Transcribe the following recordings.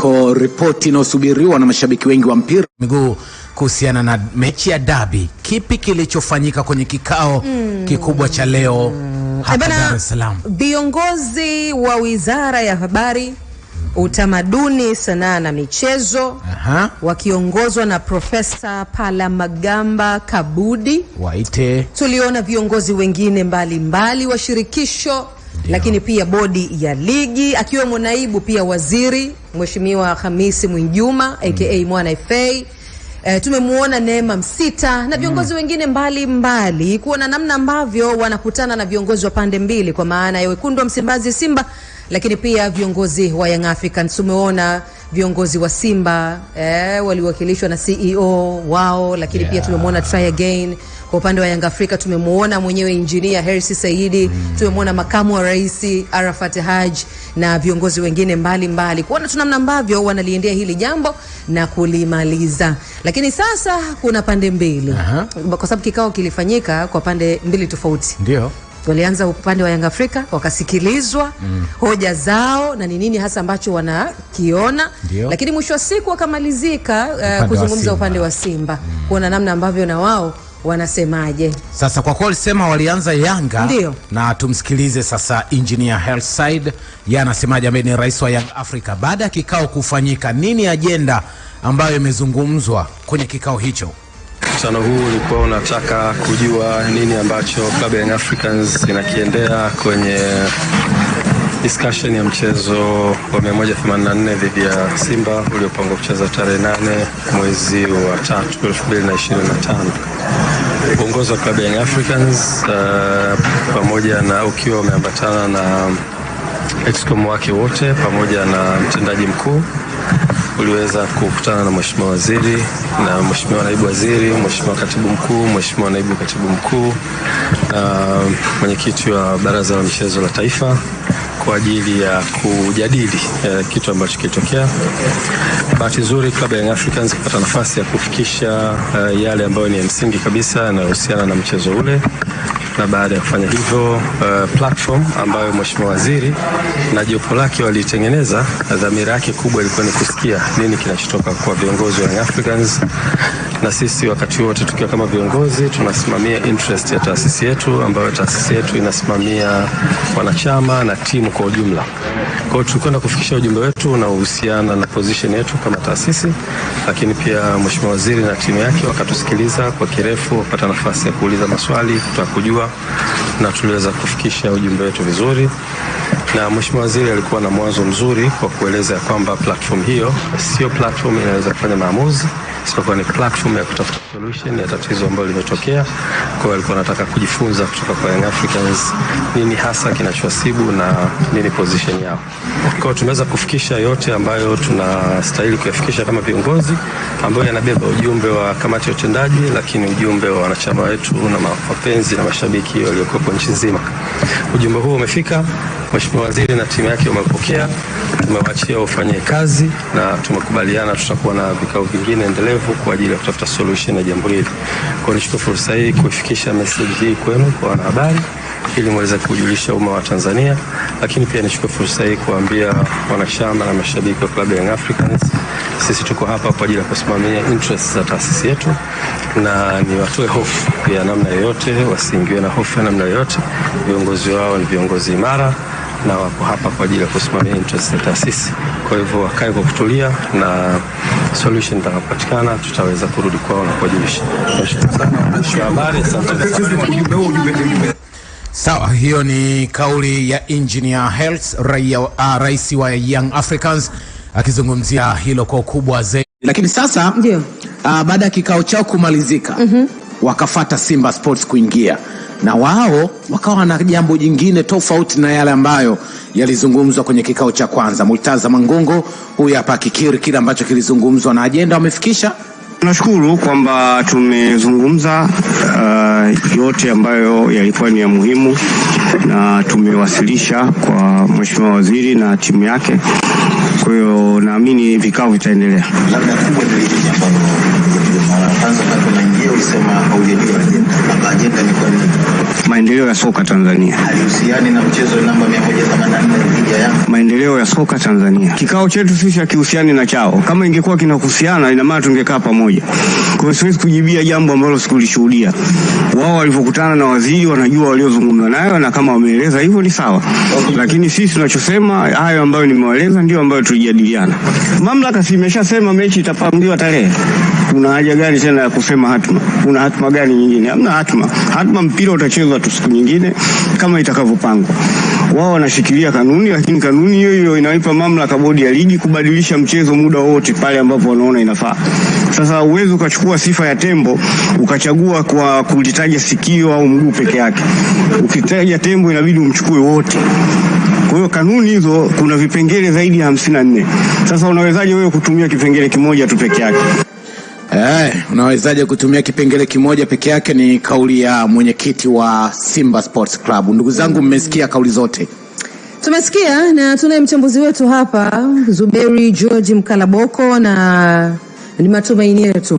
ambako ripoti inayosubiriwa na mashabiki wengi wa mpira miguu kuhusiana na mechi ya dabi, kipi kilichofanyika kwenye kikao mm. kikubwa cha leo mm. hapa Dar es Salaam? Viongozi wa Wizara ya Habari utamaduni, sanaa na michezo Aha. wakiongozwa na Profesa Palamagamba Kabudi Waite. Tuliona viongozi wengine mbalimbali wa shirikisho lakini pia bodi ya ligi akiwemo naibu pia waziri Mheshimiwa Hamisi Mwinjuma aka mm. Mwana FA E, eh, tumemwona Neema Msita na viongozi mm. wengine mbalimbali kuona namna ambavyo wanakutana na viongozi wa pande mbili kwa maana ya wekundu wa Msimbazi Simba, lakini pia viongozi wa Young Africans. Tumeona viongozi wa Simba e, waliwakilishwa na CEO wao, lakini yeah. pia tumemwona try again kwa upande wa Yanga Afrika tumemwona mwenyewe injinia Hersi Saidi mm. tumemwona makamu wa rais Arafat Haj na viongozi wengine mbalimbali kuona tu namna ambavyo wanaliendea hili jambo na kulimaliza. Lakini sasa kuna pande mbili, kwa sababu kikao kilifanyika kwa pande mbili tofauti. Ndio walianza upande wa Yanga Afrika wakasikilizwa mm. hoja zao na ni nini hasa ambacho wanakiona, lakini mwisho wa siku wakamalizika uh, kuzungumza upande wa Simba mm. kuona namna ambavyo na wao wanasemaje sasa? Kwa kuwa alisema walianza Yanga Ndiyo. na tumsikilize sasa Engineer Hellside, yeye anasemaje, ambaye ni rais wa Young Africa. Baada ya kikao kufanyika, nini ajenda ambayo imezungumzwa kwenye kikao hicho? Mkutano huu ulikuwa unataka kujua nini ambacho klabu ya Young Africans inakiendea kwenye discussion ya mchezo wa 184 dhidi ya Simba uliopangwa kucheza tarehe 8 mwezi wa 3 2025 uongozi wa klabu ya Young Africans uh, pamoja na ukiwa umeambatana na excom wake wote pamoja na mtendaji mkuu uliweza kukutana na mheshimiwa waziri na mheshimiwa naibu waziri, mheshimiwa katibu mkuu, mheshimiwa naibu katibu mkuu na uh, mwenyekiti wa baraza la michezo la taifa kwa ajili ya kujadili eh, kitu ambacho kilitokea. Bahati nzuri klabu ya Young Africans kupata nafasi ya kufikisha eh, yale ambayo ni ya msingi kabisa yanayohusiana na mchezo ule na baada ya kufanya hivyo, uh, platform ambayo mheshimiwa waziri na jopo lake walitengeneza, dhamira yake kubwa ilikuwa ni kusikia nini kinachotoka kwa viongozi wa Young Africans, na sisi wakati wote tukiwa kama viongozi tunasimamia interest ya taasisi yetu, ambayo taasisi yetu inasimamia wanachama na timu kwa ujumla. Kwa hiyo tulikwenda kufikisha ujumbe wetu unaohusiana na position yetu kama taasisi, lakini pia Mheshimiwa Waziri na timu yake wakatusikiliza kwa kirefu, wapata nafasi ya kuuliza maswali, kutaka kujua, na tuliweza kufikisha ujumbe wetu vizuri, na Mheshimiwa Waziri alikuwa na mwanzo mzuri kwa kueleza ya kwamba platform hiyo sio platform inaweza kufanya maamuzi tutakuwa ni platform ya kutafuta solution ya tatizo ambalo limetokea. Kwa hiyo alikuwa anataka kujifunza kutoka kwa Young Africans nini hasa kinachowasibu na nini position yao. Kwa hiyo tumeweza kufikisha yote ambayo tunastahili kuyafikisha kama viongozi, ambayo yanabeba ujumbe wa kamati ya utendaji, lakini ujumbe wa wanachama wetu na mapenzi na mashabiki waliokuwepo nchi nzima. Ujumbe huo umefika, Mheshimiwa Waziri na timu yake umepokea, tumewaachia ufanye kazi na tumekubaliana tutakuwa na vikao vingine endelevu kwa ajili ya kutafuta solution ya jambo hili. Kwa nichukue fursa hii kuifikisha message hii kwenu kwa wanahabari ili mweze kujulisha umma wa Tanzania, lakini pia nichukue fursa hii kuambia wanashamba na mashabiki wa klabu ya Young Africans sisi tuko hapa kwa ajili ya kusimamia interest za taasisi yetu, na ni watoe hofu ya namna yoyote, wasiingiwe na hofu ya namna yoyote. Viongozi wao ni viongozi imara na wako hapa kwa ajili ya kusimamia interest za taasisi. Kwa hivyo wakae kwa kutulia, na solution itakapatikana tutaweza kurudi kwao na kuwajulisha. Sawa, hiyo ni kauli ya Engineer Hersi, raia, uh, rais wa Young Africans akizungumzia hilo kwa ukubwa zaidi. Lakini sasa uh, baada ya kikao chao kumalizika mm -hmm. wakafata Simba Sports kuingia na wao wakawa na jambo jingine tofauti na yale ambayo yalizungumzwa kwenye kikao cha kwanza. Murtaza Mangungu huyu hapa akikiri kile ambacho kilizungumzwa na ajenda wamefikisha. Tunashukuru kwamba tumezungumza uh, yote ambayo yalikuwa ni ya muhimu na tumewasilisha kwa Mheshimiwa Waziri na timu yake kwa hiyo naamini vikao vitaendelea. Maendeleo ya soka Tanzania, maendeleo ya soka Tanzania. Kikao chetu sisi hakihusiani na chao. Kama ingekuwa kinahusiana, ina maana tungekaa pamoja. Kwa hiyo siwezi kujibia jambo ambalo sikulishuhudia. Wao walivyokutana na waziri wanajua waliozungumza nayo, na kama wameeleza hivyo ni sawa, lakini sisi tunachosema hayo ambayo nimewaeleza ndio ambayo tu kujadiliana. Mamlaka simeshasema mechi itapambiwa tarehe. Kuna haja gani tena ya kusema hatma? Kuna hatma gani nyingine? Hamna hatma. Hatma mpira utachezwa tu siku nyingine kama itakavyopangwa. Wao wanashikilia kanuni, lakini kanuni hiyo hiyo inaipa mamlaka bodi ya ligi kubadilisha mchezo muda wote pale ambapo wanaona inafaa. Sasa uwezo ukachukua sifa ya tembo ukachagua kwa kulitaja sikio au mguu peke yake. Ukitaja tembo inabidi umchukue wote. Kwa hiyo kanuni hizo kuna vipengele zaidi ya hamsini na nne. Sasa unawezaje wewe kutumia kipengele kimoja tu peke yake? Eh, unawezaje kutumia kipengele kimoja peke yake? Ni kauli ya mwenyekiti wa Simba Sports Club. Ndugu zangu, mmesikia kauli zote tumesikia, na tunaye mchambuzi wetu hapa Zuberi George Mkalaboko, na ni matumaini yetu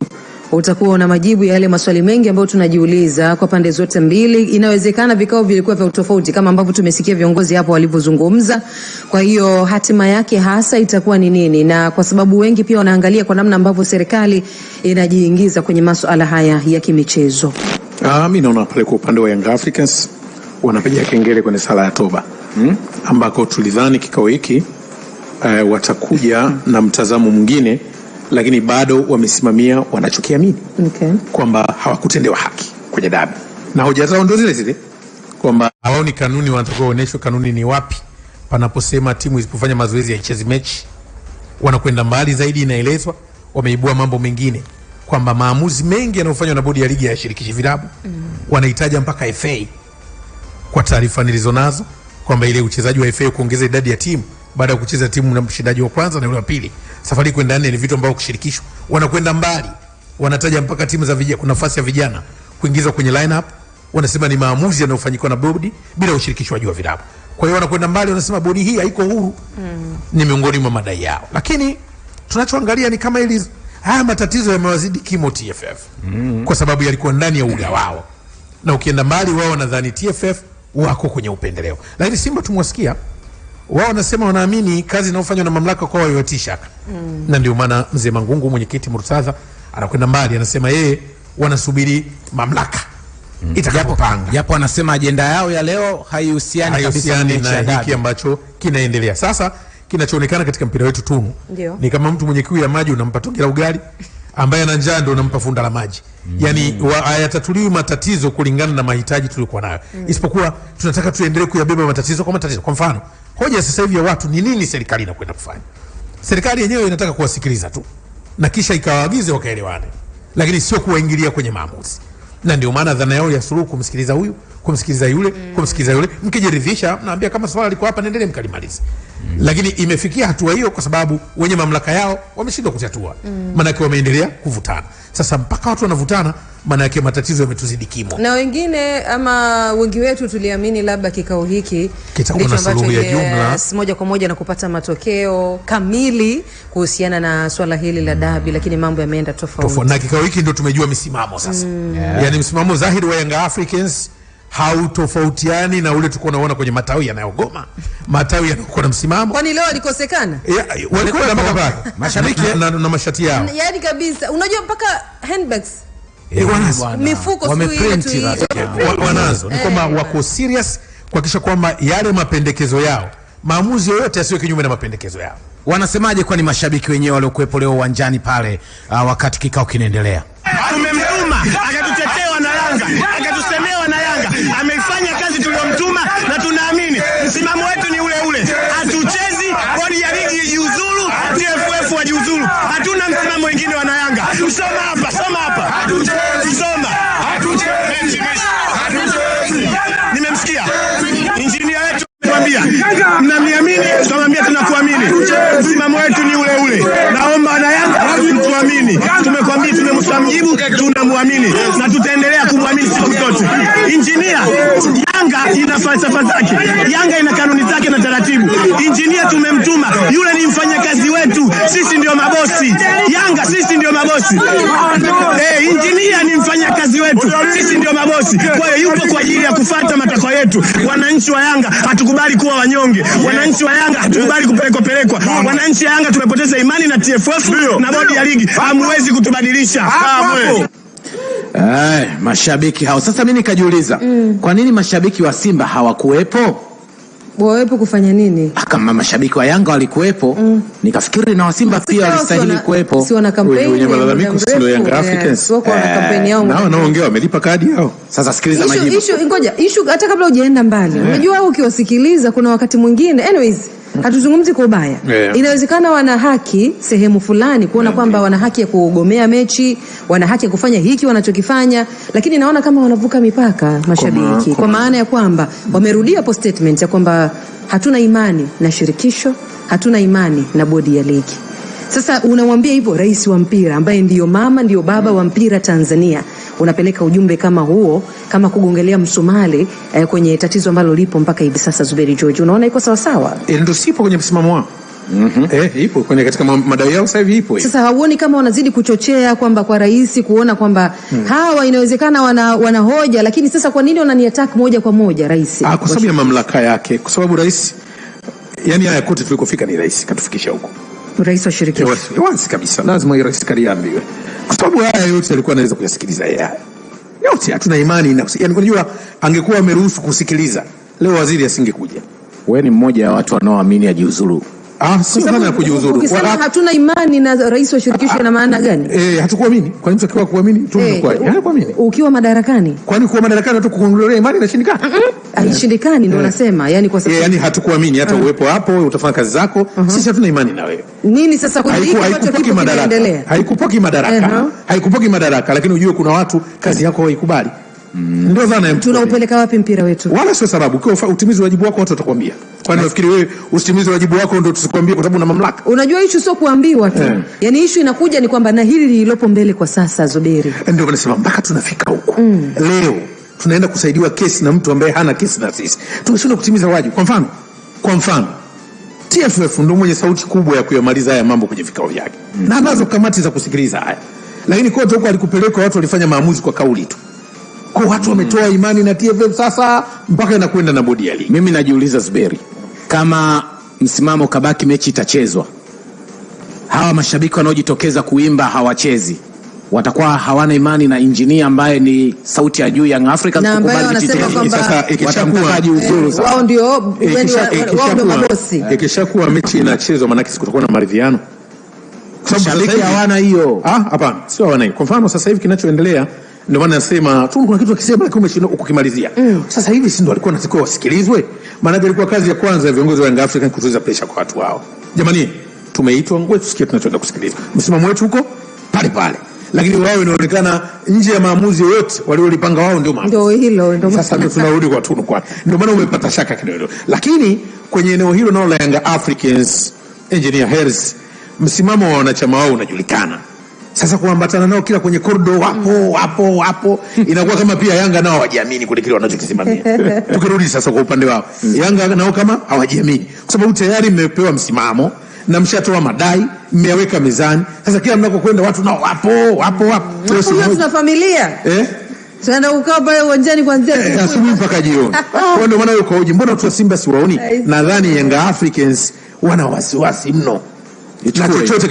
utakuwa una majibu ya yale maswali mengi ambayo tunajiuliza kwa pande zote mbili. Inawezekana vikao vilikuwa vya utofauti kama ambavyo tumesikia viongozi hapo walivyozungumza. Kwa hiyo hatima yake hasa itakuwa ni nini? Na kwa sababu wengi pia wanaangalia kwa namna ambavyo serikali inajiingiza kwenye masuala haya ya kimichezo. Ah, mimi naona pale kwa upande wa Young Africans wanapiga kengele kwenye sala ya toba hmm, ambako tulidhani kikao hiki eh, watakuja na mtazamo mwingine lakini bado wamesimamia wanachokiamini okay, kwamba hawakutendewa haki kwenye dabi, na hoja zao ndio zile zile kwamba hawaoni kanuni, wanatakiwa waonyeshwe kanuni ni wapi panaposema timu isipofanya mazoezi ichezi mechi. Wanakwenda mbali zaidi, inaelezwa wameibua mambo mengine kwamba maamuzi mengi yanayofanywa na bodi ya ligi shirikishi vilabu mm. Wanahitaja mpaka FA kwa taarifa nilizonazo kwamba ile uchezaji wa FA kuongeza idadi ya timu baada ya kucheza timu na mshindaji wa kwanza na yule wa pili, safari kwenda nne ni vitu ambavyo kushirikishwa, wanakwenda mbali, wanataja mpaka timu za vijana, kuna nafasi ya vijana kuingizwa kwenye lineup. Wanasema ni maamuzi yanayofanyikwa na bodi bila ushirikishwaji wa vilabu. Kwa hiyo wanakwenda mbali, wanasema bodi hii haiko huru mm. Ni miongoni mwa madai yao, lakini tunachoangalia ni kama ili haya matatizo yamewazidi kimo TFF mm. kwa sababu yalikuwa ndani ya uga wao, na ukienda mbali, wao wanadhani TFF wako kwenye upendeleo, lakini Simba tumewasikia wao wanasema wanaamini kazi inayofanywa na mamlaka kwa haiwatii shaka mm. na ndio maana mzee Mangungu mwenyekiti Murtadha anakwenda mbali, anasema yeye wanasubiri mamlaka mm. itakapopanga, japo anasema ajenda yao ya leo haihusiani kabisa na hiki ambacho kinaendelea sasa. Kinachoonekana katika mpira wetu tunu ni kama mtu mwenye kiu ya maji unampa tonge la ugali, ambaye ana njaa ndio unampa funda la maji mm. Yani hayatatuliwi matatizo kulingana na mahitaji tuliyokuwa nayo mm. Isipokuwa tunataka tuendelee kuyabeba matatizo kwa matatizo. Kwa mfano Hoja sasa hivi ya watu ni nini serikali inakwenda kufanya? Serikali yenyewe inataka kuwasikiliza tu na kisha ikawaagize wakaelewane, lakini sio kuwaingilia kwenye maamuzi, na ndio maana dhana yao ya Suluhu kumsikiliza huyu kumsikiliza yule mm. kumsikiliza yule, mkijiridhisha naambia kama swala liko hapa, nendele mkalimalize mm. Lakini imefikia hatua hiyo kwa sababu wenye mamlaka yao wameshindwa kutatua mm. Maanake wameendelea kuvutana. Sasa mpaka watu wanavutana, maana yake matatizo yametuzidi kimo, na wengine ama wengi wetu tuliamini labda kikao hiki kitakuwa na suluhu ya jumla moja kwa moja na kupata matokeo kamili kuhusiana na swala hili la dabi mm. Lakini mambo yameenda tofauti, na kikao hiki ndio tumejua misimamo sasa mm. yeah. Yani msimamo dhahiri wa Young Africans hautofautiani na ule tulikuwa tunaona kwenye matawi yanayogoma, matawi yanakuwa na msimamo. Kwani leo alikosekana walikuwa na makabari mashariki na, na mashati yao, yaani kabisa, unajua mpaka handbags eh, mifuko eh, wanazo. Ni eh. kwamba wako serious kuhakikisha kwamba yale mapendekezo yao, maamuzi yoyote yasiyo kinyume na mapendekezo yao. Wanasemaje kwani mashabiki wenyewe waliokuwepo leo uwanjani pale, uh, wakati kikao kinaendelea, tumemteuma akatutetea na Yanga amefanya kazi tuliyomtuma, na tunaamini msimamo wetu ni ule ule. Hatuchezi bodi ya ligi ijiuzuru, TFF wajiuzuru, hatuna msimamo wengine. Wana Yanga, soma hapa, soma hapa, soma. Nimemsikia injinia wetu mwambia, mnaniamini? Tunamwambia tunakuamini, msimamo wetu ni ule ule. Naomba tunamwamini, tumekwambia, tumemshamjibu, tunamwamini na tutaendelea kumwamini siku zote. Injinia Yanga ina falsafa zake, Yanga ina kanuni zake na taratibu. Injinia tumemtuma yule, ni mfanyakazi wetu, sisi ndio mabosi Yanga, sisi ndio mabosi eh, injinia ni mfanyakazi wetu, sisi ndio mabosi. Kwa hiyo yupo kwa ajili ya kufuata matakwa yetu. Wananchi wa Yanga hatukubali kuwa wanyonge, wananchi wa Yanga hatukubali kupelekwapelekwa. Wananchi wa Yanga tumepoteza imani na TFF na bodi ya ligi hamwezi kutubadilisha Ay, eh, mashabiki hao sasa, mimi nikajiuliza mm. kwa nini mashabiki wa Simba hawakuwepo? Wawepo kufanya nini? Ah, kama mashabiki wa Yanga walikuwepo mm. nikafikiri na Wasimba pia walistahili kuwepo. Si wana kampeni wenye malalamiko, sio Yanga eh, Africans sio kwa eh, kampeni yao, nao naongea wamelipa kadi yao. Sasa sikiliza majibu, issue ngoja, issue hata kabla hujaenda mbali, unajua yeah. ukiwasikiliza kuna wakati mwingine anyways Hatuzungumzi kwa ubaya yeah. Inawezekana wana haki sehemu fulani kuona yeah, kwamba wana haki ya kugomea mechi, wana haki ya kufanya hiki wanachokifanya, lakini naona kama wanavuka mipaka mashabiki, kwa maana ya kwamba wamerudia hapo statement ya kwamba hatuna imani na shirikisho, hatuna imani na bodi ya ligi. Sasa unamwambia hivyo rais wa mpira ambaye ndiyo mama ndiyo baba wa mpira Tanzania unapeleka ujumbe kama huo, kama kugongelea msumali eh, kwenye tatizo ambalo lipo mpaka hivi sasa. Zuberi George, unaona iko sawa sawa? E, ndio sipo kwenye msimamo wao. Mm -hmm. Eh, ipo kwenye katika madai yao sasa hivi ipo. Sasa hauoni kama wanazidi kuchochea kwamba kwa rais kuona kwamba hmm, hawa inawezekana wana, wana hoja lakini sasa kwa nini wanani attack moja kwa moja rais? Ah, kwa sababu ya mamlaka yake, kwa sababu rais yani haya kote tulikofika ni rais katufikisha huko. Rais wa shirikisho. Wazi kabisa lazima rais kariambiwe kwa sababu haya yote alikuwa anaweza kuyasikiliza yeye yote, hatuna imani na yani, unajua angekuwa ameruhusu kusikiliza leo waziri asingekuja. Wewe ni mmoja wa watu wanaoamini ajiuzuru. Ah, sio dhana ya kujiuzuru. Ukisema hatuna imani na rais wa shirikisho ah, ina maana ah, gani? Eh, hatukuamini. Kwa nini tukiwa kuamini? tu ndio eh, Tunakuaje? Hatukuamini. Ukiwa madarakani. Kwa nini kuwa madarakani hata kuondolewa imani na inashindikana? Haishindikani ndio eh. nasema. Yaani kwa sababu yaani hatukuamini hata mm. uwepo hapo utafanya kazi zako. Uh-huh. Sisi hatuna imani na wewe. Nini sasa kwa hiki ambacho kipo kinaendelea? Haikupoki madaraka. Uh-huh. Haikupoki madaraka, lakini ujue kuna watu kazi yako haikubali. Mm, tunaupeleka wapi mpira wetu? Wala sio sababu, ukiwa utimizi wajibu wako watu watakwambia. Kwa nini unafikiri wewe usitimize wajibu wako ndio tusikwambie kwa sababu una mamlaka? Unajua issue sio kuambiwa tu yeah. Yaani issue inakuja ni kwamba na hili lililopo mbele kwa sasa, Zuberi, eh, ndio kwa sababu mpaka tunafika huko mm. Leo tunaenda kusaidiwa kesi na mtu ambaye hana kesi na sisi, tumeshindwa kutimiza wajibu. Kwa mfano, kwa mfano TFF ndio mwenye sauti kubwa ya kuyamaliza haya mambo kwenye vikao vyake mm. na nazo kamati za kusikiliza haya, lakini kote huko alikupeleka watu walifanya maamuzi kwa kauli tu kwa watu wametoa mm. imani na TFF sasa mpaka inakwenda na bodi ya ligi. Mimi najiuliza Zuberi, kama msimamo kabaki mechi itachezwa, hawa mashabiki wanaojitokeza kuimba hawachezi watakuwa hawana imani na injinia ambaye ni sauti ya juu ya Africa kukubali sasa. Ikishakuwa mechi inachezwa, maana kisi kutakuwa na maridhiano, mashabiki hawana hiyo. Ah, hapana, sio hawana hiyo. Kwa mfano sasa hivi kinachoendelea ndio maana nasema tu kuna kitu akisema lakini umeshindwa kukimalizia. Mm. Sasa hivi si ndio alikuwa anatakiwa wasikilizwe? Maana ilikuwa kazi ya kwanza ya viongozi wa Young Africans kutuliza pressure kwa watu wao. Jamani, tumeitwa ngwe tusikie tunachoenda kusikiliza. Msimamo wetu huko pale pale. Lakini wao inaonekana nje ya maamuzi yote waliolipanga wao ndio maana. Ndio hilo ndio. Sasa ndio tunarudi kwa tunu kwa. Ndio maana umepata shaka kidogo. Lakini kwenye eneo hilo nao la Young Africans, Engineer Hersi, msimamo wa wanachama wao unajulikana. Sasa kuambatana nao kila kwenye korido wapo wapo wapo, inakuwa kama pia Yanga nao hawajiamini kule kile wanachokisimamia. Tukirudi sasa kwa upande wao, mm. Yanga nao kama hawajiamini, kwa sababu tayari mmepewa msimamo na mshatoa madai, mmeweka mezani. Sasa kila mnakokwenda watu nao wapo wapo wapo, mm. tuna familia eh Tunaenda kukaa pale uwanjani kuanzia eh, asubuhi mpaka jioni. Kwa ndio maana yuko uji, mbona tu Simba siwaoni? Nadhani Yanga Africans wana wasiwasi mno na chochote